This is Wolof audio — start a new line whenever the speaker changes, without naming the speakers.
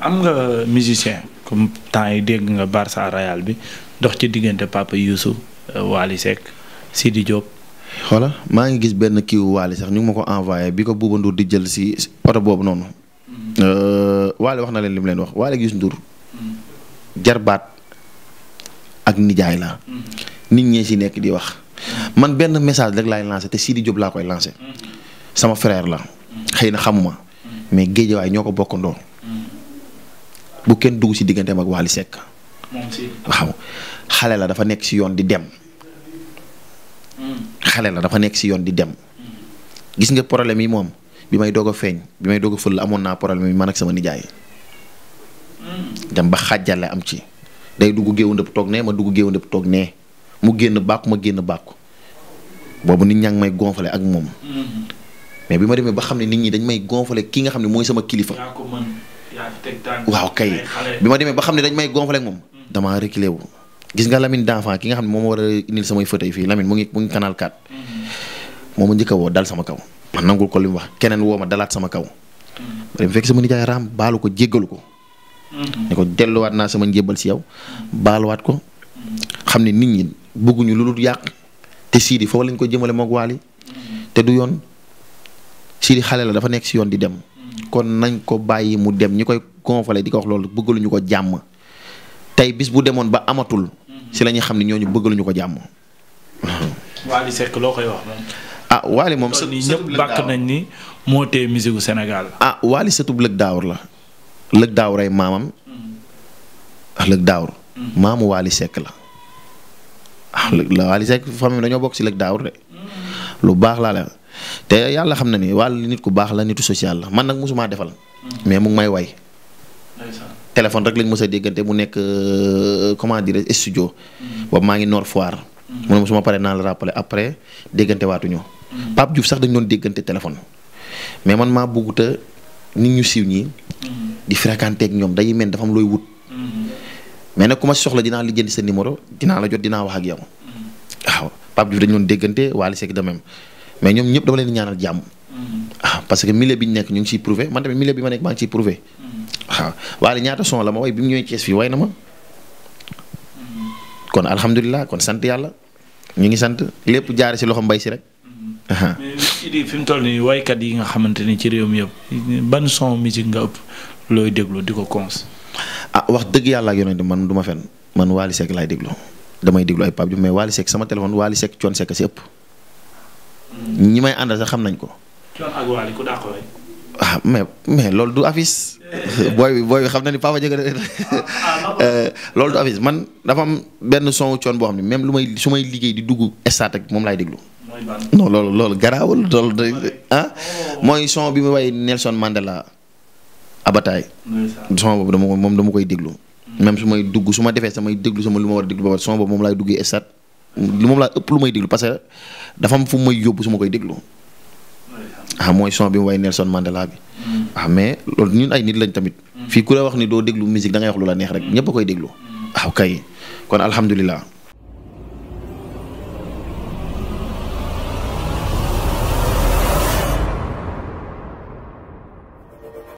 am nga musicien comme temps yi dégg nga Barça Royal bi dox ci diggante Papa Youssou euh, wali sek Sidi Diop. xoola maa ngi gis benn kiw wali sax ñu ma ko envoyé bi ko di jël si oto boobu noonu. Mm-hmm. Euh, wali wax na leen lim leen wax wali gis ndur jarbaat ak nijaay la. Mm-hmm. nit ñee si nekk di wax. Mm-hmm. man benn message rek laay lancé te Sidi job laa koy lancé. sama frère la. xëy na xamuma. mais géejawaay ñoo ko bokkandoo bu kenn dugg si digganteem ak sek. Seck waaw xalé la dafa nekk ci yoon di dem xalé hmm. la dafa nekk ci yoon di dem hmm. gis nga problème yi moom bi may dogo feñ bi may dogo ful amon na problème yi man ak sama nijaay hmm. dem ba xajalé am ci day dug guéw ndep tok né ma dug guéw ndep tok né mu génn bak ma génn bàkku bobu nit ñang may gonfale ak mom mais bima ma ba xamné nit ñi dañ may gonfale ki nga xamné moy sama kilifa waaw kay bi ma demee ba xam ne dañ may gonfale ak moom dama reculé wu gis nga Lamine d'enfant ki nga xam ne moom war a indil samay fauteuil fii Lamine mu ngi mu ngi canal 4 mm-hmm. moom njëkk a woo dal sama kaw man nangul ko li wax keneen woo ma dalaat sama kaw mm-hmm. dem fekk sama nijaay ram baalu ko jéggalu ko mm-hmm. ne ko delluwaat naa sama njébbal si yow baaluwaat ko xam ne nit ñi bëgguñu lu dul yàq te Sidi foofu lañ ko jëmale moog waali te du yoon Sidi xale la dafa nekk si yoon di dem kon nañ ko bàyyi mu dem ñi koy gonfale di ko wax loolu lu ñu ko jàmm tey bis bu demoon ba amatul. ci la ñuy xam ne ñooñu bëggaluñu ko jàmm. Wally Seck loo koy wax moom. ah Wally moom. së ñëpp nañ ni moo tee musique gu Sénégal. ah Wally sëtub lëg daawur la. lëg daawur ay maamam. Hmm. Ah, lëg daawur. Hmm. maamu Wally Seck la. ah lëg la Wally Seck famille dañoo bokk ci lëg daawur de. Hmm. lu baax laa la te yàlla xam na ni Wally nit ku baax la nitu social la man nag mosumaa defal. mais mu may way. téléphone rek lañ mës a déggante mu nekk euh, comment dire studio. Mm. boobu maa ngi noor Foire. Mm. mu ne ma su paree naa la rappeler après déggante waatuñu. Mm. Pape Diouf sax dañ doon déggante téléphone. mais man maa bëggut a nit ñu siiw ñi. di fréquenté ak ñoom dañuy mel dafa am looy wut. mais nag ku ma si soxla dinaa lijjanti sa numéro dinaa la jot dinaa wax ak yow. waaw Pape Diouf dañ doon déggante Wally de même mais ñoom ñëpp dama leen ñaanal jàmm. ah parce que milieu bi ñu ma nekk Wali ñaata son la ma way bimu mu ci fi way na ma mhm. kon alhamdullilah kon sante yalla ñu ngi sante lepp jaar si loxo mbay ci rek. Mhm. mais idi fi mu toll way kat yi nga xamanteni ci réew mi yeb ban son musique nga upp loy deglu di cons. ah wax deug yalla ak yonent man duma fen man wali sek lay deglu damay deglu ay pap ju mais wali sek sama telephone wali sek, cion sek ci upp mhm. ñi may andal sax xam nañ ko. cion ak wali ku dàq ah mais mais loolu du affiche booy bi xam na ni Papa Diaga euh, loolu du affiche man dafa am benn son coon boo xam ne même lu may su liggéey di dugg stade moom laay déglu. non loolu loolu garaawul loolu day ah mooy son bi mu way Nelson Mandela abataay. son boobu dama moom dama koy déglu. Hmm. même su may dugg su ma defee samay déglu sama lu ma war a déglu ba moom laay duggee stade lu moom laa ëpp lu may déglu parce que dafa am fu may yóbbu su ma koy déglu. ah mooy son bi mu way Nelson Mandela bi. Mm. ah mais loolu ñun ay nit lañ tamit. Mm. fii ku la wax ni doo déglu musique da ngay wax lu la neex rek ñëpp a koy déglu. waaw mm. ah, kay kon alhamdulilah.